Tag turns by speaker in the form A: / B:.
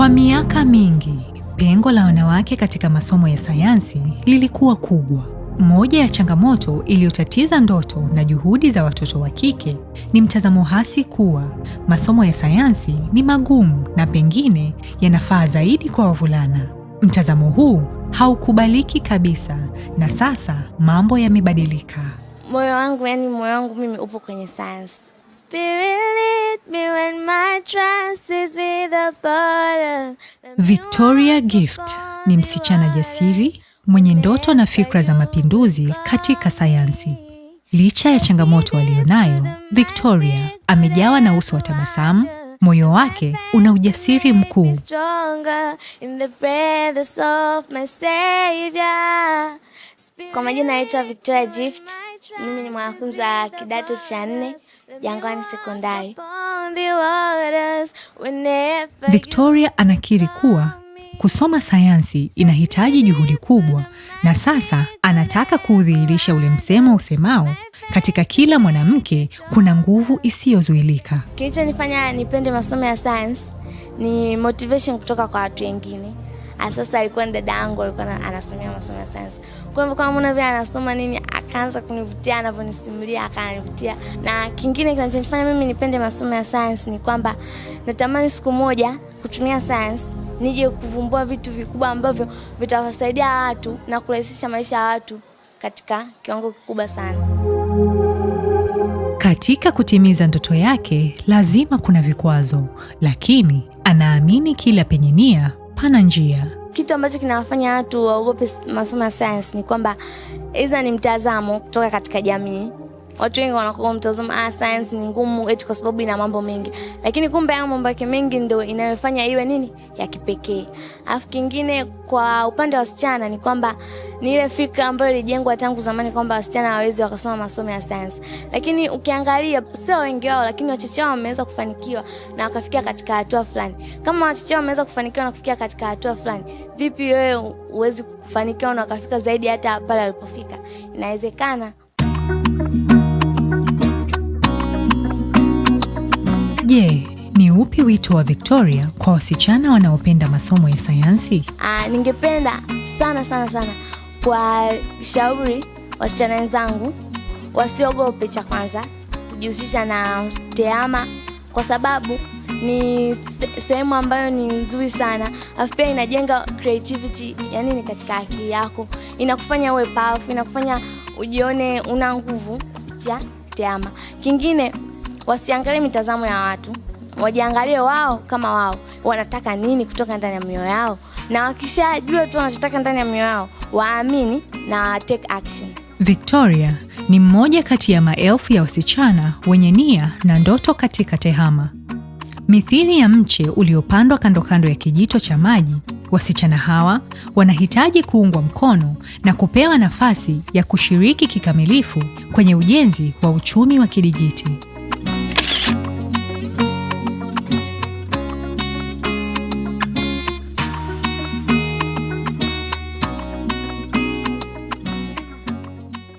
A: Kwa miaka mingi, pengo la wanawake katika masomo ya sayansi lilikuwa kubwa. Moja ya changamoto iliyotatiza ndoto na juhudi za watoto wa kike ni mtazamo hasi kuwa masomo ya sayansi ni magumu na pengine yanafaa zaidi kwa wavulana. Mtazamo huu haukubaliki kabisa na sasa mambo yamebadilika.
B: Moyo wangu, yani moyo wangu mimi upo kwenye sayansi. Spirit lead me when my
A: trust is Victoria Gift ni msichana jasiri mwenye ndoto na fikra za mapinduzi katika sayansi. Licha ya changamoto aliyonayo, Victoria amejawa na uso wa tabasamu, moyo wake una ujasiri mkuu.
B: Kwa majina naitwa Victoria Gift, mimi ni mwanafunzi wa kidato cha nne Jangwani Sekondari.
A: Victoria anakiri kuwa kusoma sayansi inahitaji juhudi kubwa, na sasa anataka kuudhihirisha ule msemo usemao katika kila mwanamke kuna nguvu isiyozuilika.
B: Kilichonifanya nipende masomo ya sayansi ni motivation kutoka kwa watu wengine. Ah, sasa alikuwa ni dada yangu, alikuwa anasomea masomo ya sayansi. Kwa hivyo kama mnavyo anasoma nini, akaanza kunivutia, anavyonisimulia akanivutia. Na kingine kinachonifanya mimi nipende masomo ya sayansi ni kwamba natamani siku moja kutumia sayansi nije kuvumbua vitu vikubwa ambavyo vitawasaidia watu na kurahisisha maisha ya watu katika kiwango kikubwa sana.
A: Katika kutimiza ndoto yake lazima kuna vikwazo, lakini anaamini kila penye nia hapana njia.
B: Kitu ambacho kinawafanya watu waogope masomo ya sayansi ni kwamba iza ni mtazamo kutoka katika jamii. Watu wengi wanakuwa mtazamo, ah, sayansi ni ngumu eti kwa sababu ina mambo mengi, lakini kumbe hayo mambo yake mengi ndo inayofanya iwe nini ya kipekee. Alafu kingine kwa upande wa wasichana ni kwamba ni ile fikra ambayo ilijengwa tangu zamani kwamba wasichana hawawezi wakasoma masomo ya sayansi, lakini ukiangalia sio wengi wao, lakini wachache wao wameweza kufanikiwa na wakafikia katika hatua fulani. Kama wachache wao wameweza kufanikiwa na kufikia katika hatua fulani, vipi wewe huwezi kufanikiwa na wakafika zaidi hata pale walipofika? Inawezekana.
A: Je, yeah, ni upi wito wa Victoria kwa wasichana wanaopenda masomo ya sayansi?
B: Ah, ningependa sana sana sana kwa shauri wasichana wenzangu wasiogope, cha kwanza kujihusisha na teama kwa sababu ni sehemu ambayo ni nzuri sana, alafu pia inajenga creativity ya nini katika akili yako, inakufanya uwe pafu inakufanya ujione una nguvu ya teama Kingine, wasiangalie mitazamo ya watu, wajiangalie wao kama wao wanataka nini kutoka ndani ya mioyo yao na wakishajua tu wanachotaka ndani ya mioyo yao waamini na take action.
A: Victoria ni mmoja kati ya maelfu ya wasichana wenye nia na ndoto katika TEHAMA. Mithili ya mche uliopandwa kando kando ya kijito cha maji, wasichana hawa wanahitaji kuungwa mkono na kupewa nafasi ya kushiriki kikamilifu kwenye ujenzi wa uchumi wa kidijiti.